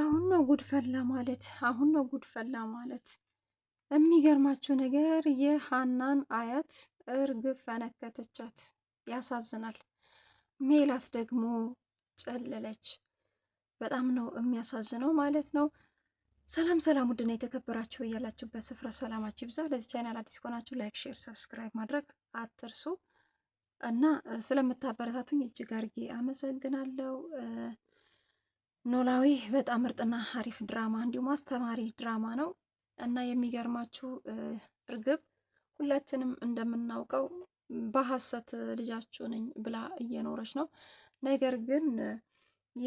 አሁን ነው ጉድፈላ ማለት አሁን ነው ጉድፈላ ማለት። የሚገርማችሁ ነገር የሀናን አያት እርግብ ፈነከተቻት። ያሳዝናል። ሜላት ደግሞ ጨለለች። በጣም ነው የሚያሳዝነው ማለት ነው። ሰላም ሰላም፣ ውድና የተከበራችሁ እያላችሁበት ስፍራ ሰላማችሁ ይብዛ። ለዚህ ቻናል አዲስ ከሆናችሁ ላይክ፣ ሼር፣ ሰብስክራይብ ማድረግ አትርሱ እና ስለምታበረታቱኝ እጅግ አድርጌ አመሰግናለሁ። ኖላዊ በጣም ምርጥና አሪፍ ድራማ እንዲሁም አስተማሪ ድራማ ነው እና የሚገርማችሁ እርግብ ሁላችንም እንደምናውቀው በሐሰት ልጃችሁ ነኝ ብላ እየኖረች ነው። ነገር ግን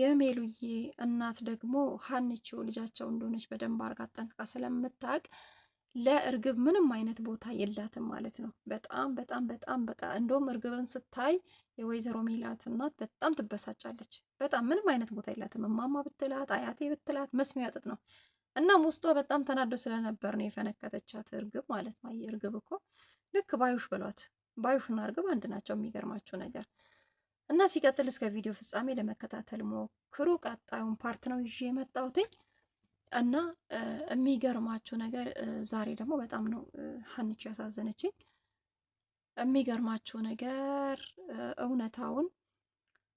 የሜሉዬ እናት ደግሞ ሀንቹ ልጃቸው እንደሆነች በደንብ አርጋ ጠንቅቃ ስለምታውቅ ለእርግብ ምንም አይነት ቦታ የላትም ማለት ነው። በጣም በጣም በጣም በቃ እንደውም እርግብን ስታይ የወይዘሮ ሜላት እናት በጣም ትበሳጫለች። በጣም ምንም አይነት ቦታ የላትም። እማማ ብትላት አያቴ ብትላት መስሚያ ጥጥ ነው። እናም ውስጧ በጣም ተናዶ ስለነበር ነው የፈነከተቻት እርግብ ማለት ነው። እርግብ እኮ ልክ ባዩሽ በሏት። ባዩሽና እርግብ አንድ ናቸው የሚገርማችሁ ነገር እና ሲቀጥል እስከ ቪዲዮ ፍጻሜ ለመከታተል ሞክሩ። ቀጣዩን ፓርት ነው ይዤ የመጣሁትኝ እና የሚገርማችሁ ነገር ዛሬ ደግሞ በጣም ነው ሀንቺ ያሳዘነችኝ። የሚገርማችሁ ነገር እውነታውን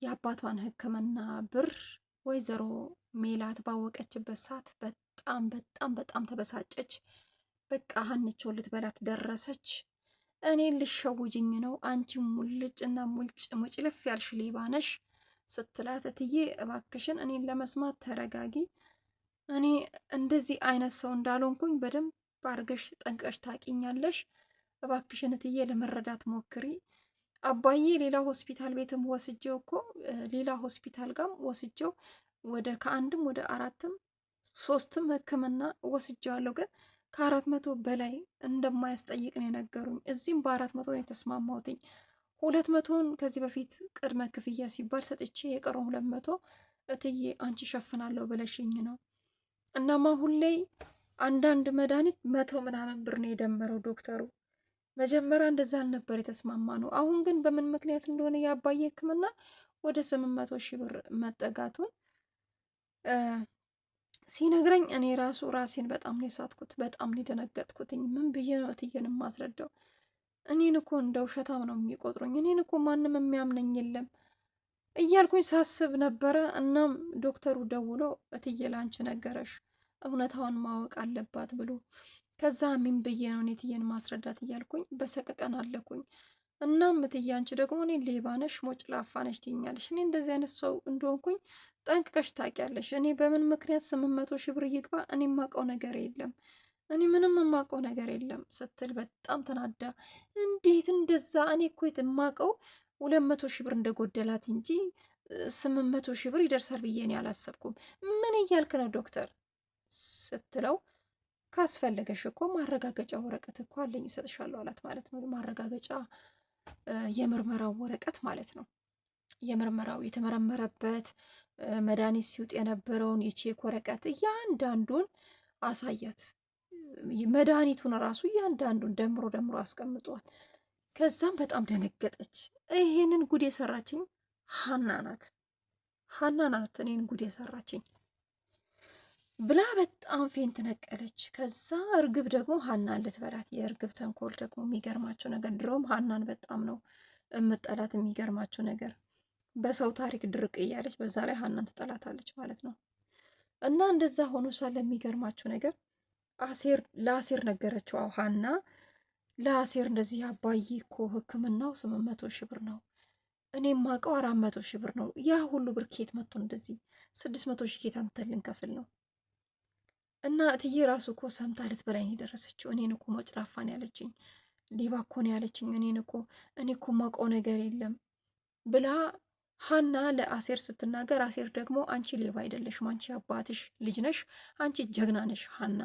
የአባቷን ሕክምና ብር ወይዘሮ ሜላት ባወቀችበት ሰዓት በጣም በጣም በጣም ተበሳጨች። በቃ ሀንቾ ልትበላት ደረሰች። እኔ ልሸውጅኝ ነው አንቺ ሙልጭና ሙልጭ ሙጭልፍ ያልሽ ሌባ ነሽ ስትላት፣ እትዬ እባክሽን እኔን ለመስማት ተረጋጊ። እኔ እንደዚህ አይነት ሰው እንዳልሆንኩኝ በደንብ አድርገሽ ጠንቀሽ ታቂኛለሽ። እባክሽን እትዬ ለመረዳት ሞክሪ አባዬ ሌላ ሆስፒታል ቤትም ወስጀው እኮ ሌላ ሆስፒታል ጋም ወስጀው ወደ ከአንድም ወደ አራትም ሶስትም ወስጀው ወስጄዋለሁ ግን ከአራት መቶ በላይ እንደማያስጠይቅ ነው የነገሩኝ። እዚህም በአራት መቶ ነው የተስማማሁትኝ። ሁለት መቶን ከዚህ በፊት ቅድመ ክፍያ ሲባል ሰጥቼ የቀረው ሁለት መቶ እትዬ አንቺ ሸፍናለሁ ብለሽኝ ነው። እናማ ሁሌ አንዳንድ መድኃኒት መቶ ምናምን ብር ነው የደመረው ዶክተሩ መጀመሪያ እንደዛ አልነበር የተስማማ ነው። አሁን ግን በምን ምክንያት እንደሆነ የአባዬ ሕክምና ወደ ስምንት መቶ ሺህ ብር መጠጋቱን ሲነግረኝ እኔ ራሱ ራሴን በጣም ነው የሳትኩት። በጣም ነው የደነገጥኩትኝ። ምን ብዬ ነው እትዬን የማስረዳው? እኔን እኮ እንደ ውሸታም ነው የሚቆጥሩኝ። እኔን እኮ ማንም የሚያምነኝ የለም እያልኩኝ ሳስብ ነበረ። እናም ዶክተሩ ደውሎ እትዬ ላንቺ ነገረሽ እውነታውን ማወቅ አለባት ብሎ ከዛ ምን ብዬ ነው እኔ እትዬን ማስረዳት እያልኩኝ በሰቀቀን አለኩኝ። እናም እትዬ አንቺ ደግሞ እኔ ሌባ ነሽ፣ ሞጭላፋ ነሽ ትይኛለሽ። እኔ እንደዚህ አይነት ሰው እንደሆንኩኝ ጠንቅቀሽ ታውቂያለሽ። እኔ በምን ምክንያት ስምንት መቶ ሺህ ብር ይግባ እኔ የማውቀው ነገር የለም እኔ ምንም የማውቀው ነገር የለም ስትል በጣም ተናዳ፣ እንዴት እንደዛ እኔ እኮ የማውቀው ሁለት መቶ ሺህ ብር እንደጎደላት እንጂ ስምንት መቶ ሺህ ብር ይደርሳል ብዬ እኔ አላሰብኩም። ምን እያልክ ነው ዶክተር? ስትለው ካስፈለገሽ እኮ ማረጋገጫ ወረቀት እኮ አለኝ እሰጥሻለሁ አላት ማለት ነው። ማረጋገጫ የምርመራው ወረቀት ማለት ነው። የምርመራው የተመረመረበት መድኃኒት ሲውጥ የነበረውን የቼክ ወረቀት እያንዳንዱን አሳያት። መድኃኒቱን ራሱ እያንዳንዱን ደምሮ ደምሮ አስቀምጧት። ከዛም በጣም ደነገጠች። ይሄንን ጉድ የሰራችኝ ሀና ናት፣ ሀና ናት እኔን ጉድ የሰራችኝ ብላ በጣም ፌን ትነቀለች። ከዛ እርግብ ደግሞ ሀናን ልትበላት የእርግብ ተንኮል ደግሞ የሚገርማቸው ነገር ድሮም ሀናን በጣም ነው የምጠላት። የሚገርማቸው ነገር በሰው ታሪክ ድርቅ እያለች በዛ ላይ ሀናን ትጠላታለች ማለት ነው። እና እንደዛ ሆኖ ሳለ የሚገርማቸው ነገር አሴር ለአሴር ነገረችው። አዎ ሀና ለአሴር እንደዚህ አባዬ እኮ ሕክምናው ስምንት መቶ ሺህ ብር ነው እኔም ማቀው አራት መቶ ሺህ ብር ነው። ያ ሁሉ ብር ኬት መጥቶ እንደዚህ ስድስት መቶ ሺህ ኬት አምተልን ከፍል ነው እና እትዬ ራሱ እኮ ሰምታ ልትበላኝ የደረሰችው እኔን እኮ መጭላፋን ያለችኝ ሌባ እኮ ነው ያለችኝ። እኔን እኮ እኔ እኮ የማውቀው ነገር የለም ብላ ሀና ለአሴር ስትናገር፣ አሴር ደግሞ አንቺ ሌባ አይደለሽም፣ አንቺ አባትሽ ልጅ ነሽ፣ አንቺ ጀግና ነሽ ሀና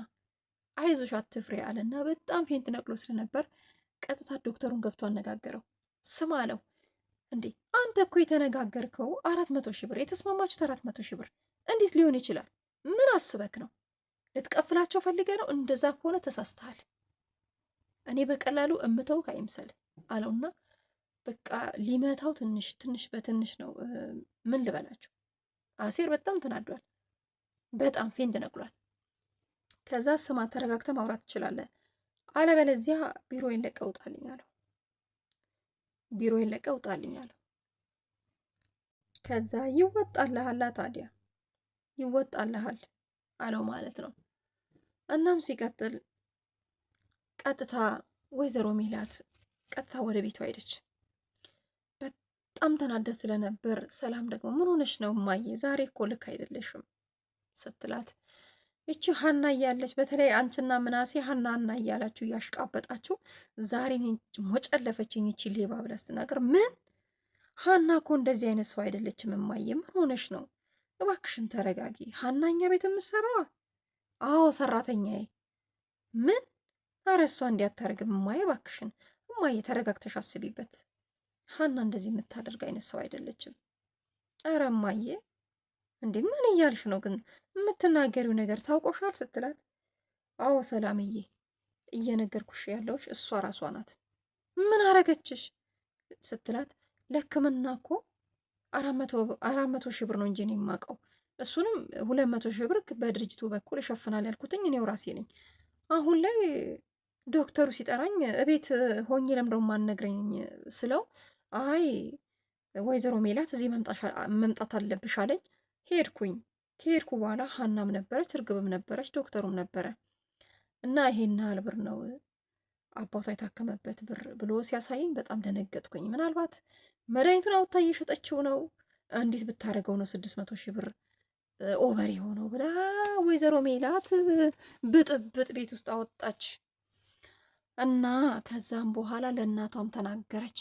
አይዞሽ አትፍሬ አለና በጣም ፌንት ነቅሎ ስለነበር ቀጥታ ዶክተሩን ገብቶ አነጋገረው። ስም አለው እንዴ አንተ እኮ የተነጋገርከው አራት መቶ ሺህ ብር የተስማማችሁት አራት መቶ ሺህ ብር እንዴት ሊሆን ይችላል? ምን አስበክ ነው? ልትቀፍላቸው ፈልገ ነው። እንደዛ ከሆነ ተሳስተሃል። እኔ በቀላሉ እምተው አይምሰል አለውና በቃ ሊመታው ትንሽ ትንሽ በትንሽ ነው። ምን ልበላችሁ፣ አሴር በጣም ተናዷል። በጣም ፌንድ ነቅሏል። ከዛ ስማ፣ ተረጋግተ ማውራት ትችላለህ፣ አለበለዚያ ቢሮ ይለቀ ውጣልኝ አለው። ቢሮ ይለቀ ውጣልኝ አለው። ከዛ ይወጣልሃል፣ ታዲያ ይወጣልሃል አለው ማለት ነው። እናም ሲቀጥል ቀጥታ ወይዘሮ ሜላት ቀጥታ ወደ ቤቱ ሄደች። በጣም ተናደስ ስለነበር ሰላም ደግሞ ምን ሆነሽ ነው እማዬ ዛሬ እኮ ልክ አይደለሽም ስትላት እቺ ሀና እያለች በተለይ አንቺና ምናሴ ሀና እና እያላችሁ እያሽቃበጣችሁ ዛሬ ሞጨለፈችኝ ይቺ ሌባ ብላ ስትናገር ምን ሀና እኮ እንደዚህ አይነት ሰው አይደለችም እማዬ ምን ሆነሽ ነው እባክሽን ተረጋጊ። ሀናኛ ቤት የምትሰራዋ? አዎ ሰራተኛዬ። ምን? ኧረ እሷ እንዲያታደርግም እማዬ፣ እባክሽን እማዬ፣ ተረጋግተሽ አስቢበት። ሀና እንደዚህ የምታደርግ አይነት ሰው አይደለችም። ኧረ እማዬ፣ እንዴ ምን እያልሽ ነው? ግን የምትናገሪው ነገር ታውቆሻል ስትላት፣ አዎ ሰላምዬ፣ እየነገርኩሽ ያለውሽ እሷ ራሷ ናት። ምን አረገችሽ? ስትላት ለህክምና እኮ አራት መቶ ሺህ ብር ነው እንጂ እኔ የማውቀው እሱንም ሁለት መቶ ሺህ ብር በድርጅቱ በኩል ይሸፍናል ያልኩትኝ እኔው ራሴ ነኝ። አሁን ላይ ዶክተሩ ሲጠራኝ እቤት ሆኜ ለምደው ማነግረኝ ስለው አይ ወይዘሮ ሜላት እዚህ መምጣት አለብሽ አለኝ። ሄድኩኝ። ከሄድኩ በኋላ ሀናም ነበረች፣ እርግብም ነበረች፣ ዶክተሩም ነበረ እና ይሄን ያህል ብር ነው አባቷ የታከመበት ብር ብሎ ሲያሳየኝ በጣም ደነገጥኩኝ። ምናልባት መድኃኒቱን አውታ እየሸጠችው ነው፣ እንዴት ብታደርገው ነው ስድስት መቶ ሺህ ብር ኦቨር የሆነው ብላ ወይዘሮ ሜላት ብጥብጥ ቤት ውስጥ አወጣች እና ከዛም በኋላ ለእናቷም ተናገረች።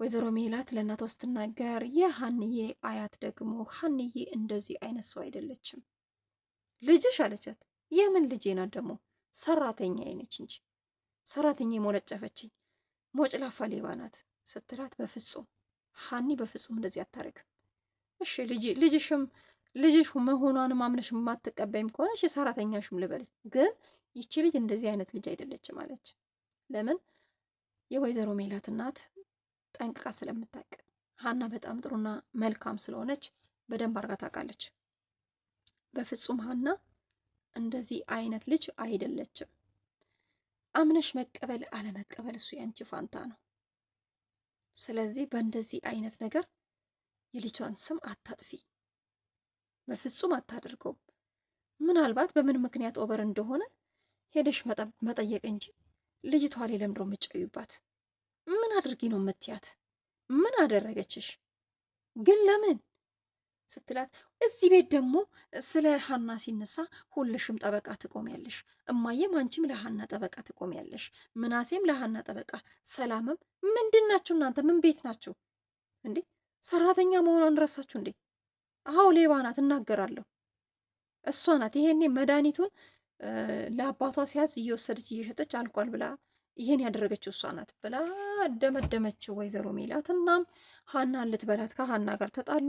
ወይዘሮ ሜላት ለእናቷ ስትናገር የሀንዬ አያት ደግሞ ሀንዬ እንደዚህ አይነት ሰው አይደለችም ልጅሽ አለቻት። የምን ልጄ ናት ደግሞ ሰራተኛ አይነች እንጂ ሰራተኛ የሞነጨፈችኝ ሞጭላፋ ሌባ ናት ስትላት፣ በፍጹም ሀኒ በፍጹም እንደዚህ አታረግም። እሺ ልጅ ልጅሽም ልጅሽ መሆኗን አምነሽ የማትቀበይም ከሆነ እሺ ሰራተኛሽም ልበል፣ ግን ይቺ ልጅ እንደዚህ አይነት ልጅ አይደለችም አለች። ለምን የወይዘሮ ሜላት እናት ጠንቅቃ ስለምታውቅ ሀና በጣም ጥሩና መልካም ስለሆነች በደንብ አርጋ ታውቃለች። በፍጹም ሀና እንደዚህ አይነት ልጅ አይደለችም አምነሽ መቀበል አለመቀበል እሱ ያንቺ ፋንታ ነው። ስለዚህ በእንደዚህ አይነት ነገር የልጇን ስም አታጥፊ፣ በፍጹም አታደርገውም። ምናልባት በምን ምክንያት ኦቨር እንደሆነ ሄደሽ መጠየቅ እንጂ ልጅቷ ላይ ለምዶ የምትጨዩባት ምን አድርጊ ነው የምትያት? ምን አደረገችሽ ግን ለምን ስትላት እዚህ ቤት ደግሞ ስለ ሀና ሲነሳ ሁልሽም ጠበቃ ትቆሚያለሽ፣ እማዬም አንቺም ለሀና ጠበቃ ትቆሚያለሽ፣ ምናሴም ለሀና ጠበቃ፣ ሰላምም። ምንድን ናችሁ እናንተ? ምን ቤት ናችሁ እንዴ? ሰራተኛ መሆኗን ረሳችሁ እንዴ? አዎ ሌባ ናት፣ እናገራለሁ። እሷ ናት ይሄኔ መድኃኒቱን ለአባቷ ሲያዝ እየወሰደች እየሸጠች አልቋል ብላ ይህን ያደረገችው እሷ ናት ብላ ደመደመችው ወይዘሮ ሜላት። እናም ሀና ልትበላት ከሀና ጋር ተጣሉ።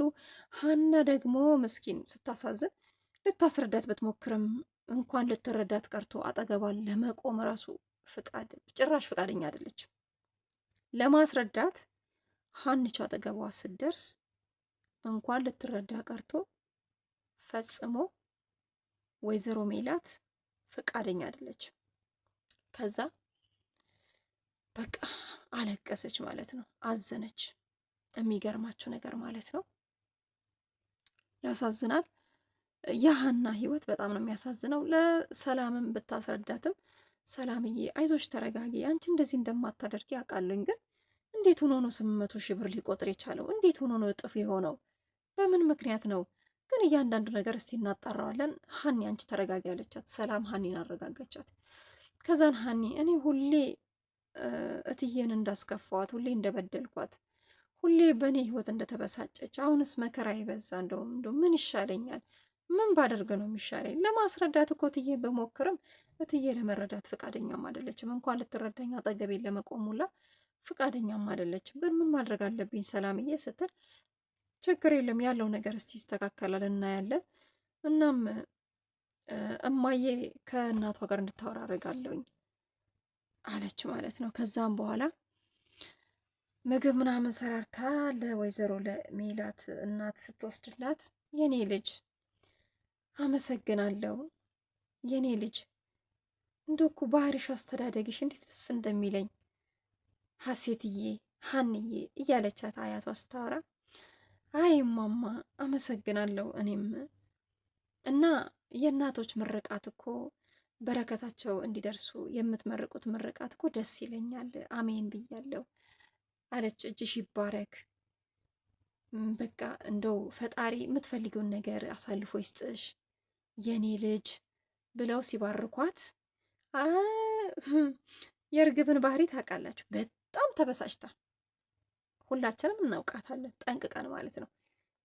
ሀና ደግሞ ምስኪን ስታሳዝን ልታስረዳት ብትሞክርም እንኳን ልትረዳት ቀርቶ አጠገቧን ለመቆም ራሱ ፍቃድ ጭራሽ ፍቃደኛ አይደለችም። ለማስረዳት ሀንቻ አጠገቧ ስትደርስ እንኳን ልትረዳ ቀርቶ ፈጽሞ ወይዘሮ ሜላት ፍቃደኛ አይደለችም። ከዛ በቃ አለቀሰች ማለት ነው። አዘነች። የሚገርማችሁ ነገር ማለት ነው። ያሳዝናል። የሀና ህይወት በጣም ነው የሚያሳዝነው። ለሰላምም ብታስረዳትም ሰላምዬ አይዞሽ፣ ተረጋጊ፣ አንቺ እንደዚህ እንደማታደርጊ አውቃለኝ፣ ግን እንዴት ሆኖ ነው ስምንት መቶ ሺህ ብር ሊቆጥር የቻለው? እንዴት ሆኖ ነው እጥፍ የሆነው? በምን ምክንያት ነው? ግን እያንዳንዱ ነገር እስቲ እናጣራዋለን። ሀኒ አንቺ ተረጋጊ አለቻት። ሰላም ሀኒን አረጋጋቻት። ከዛን ሀኒ እኔ ሁሌ እትዬን እንዳስከፋዋት፣ ሁሌ እንደበደልኳት፣ ሁሌ በእኔ ህይወት እንደተበሳጨች፣ አሁንስ መከራ ይበዛ። እንደውም እንደው ምን ይሻለኛል? ምን ባደርግ ነው የሚሻለኝ? ለማስረዳት እኮ እትዬ በሞክርም እትዬ ለመረዳት ፈቃደኛም አይደለችም። እንኳን ልትረዳኝ አጠገቤን ለመቆም ሁላ ፈቃደኛም አይደለችም። ግን ምን ማድረግ አለብኝ ሰላምዬ ስትል ችግር የለም ያለው ነገር እስቲ ይስተካከላል፣ እናያለን። እናም እማዬ ከእናቷ ጋር እንድታወራ አደርጋለሁኝ አለች ማለት ነው። ከዛም በኋላ ምግብ ምናምን ሰራርታ ለወይዘሮ ለሜላት እናት ስትወስድላት የኔ ልጅ አመሰግናለሁ፣ የኔ ልጅ እንደኩ ባህሪሽ፣ አስተዳደግሽ እንዴት ደስ እንደሚለኝ ሀሴትዬ፣ ሀንዬ እያለቻት አያቷ ስታወራ፣ አይ ማማ አመሰግናለሁ እኔም እና የእናቶች ምርቃት እኮ በረከታቸው እንዲደርሱ የምትመርቁት ምርቃት እኮ ደስ ይለኛል፣ አሜን ብያለሁ አለች። እጅሽ ይባረክ። በቃ እንደው ፈጣሪ የምትፈልገውን ነገር አሳልፎ ይስጥሽ የኔ ልጅ ብለው ሲባርኳት የእርግብን ባህሪ ታውቃላችሁ። በጣም ተበሳጭታ ሁላችንም እናውቃታለን ጠንቅቀን ማለት ነው።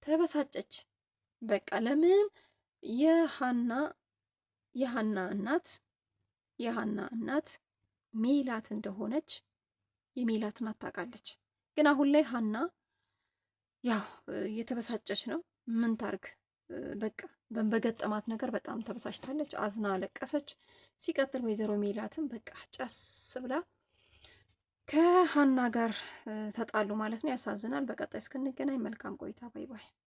ተበሳጨች። በቃ ለምን የሀና የሀና እናት የሀና እናት ሜላት እንደሆነች የሜላትን አታውቃለች። ግን አሁን ላይ ሀና ያው የተበሳጨች ነው። ምን ታርግ? በቃ በገጠማት ነገር በጣም ተበሳጭታለች፣ አዝና አለቀሰች። ሲቀጥል ወይዘሮ ሜላትም በቃ ጨስ ብላ ከሀና ጋር ተጣሉ ማለት ነው። ያሳዝናል። በቀጣይ እስክንገናኝ መልካም ቆይታ። ባይ ባይ።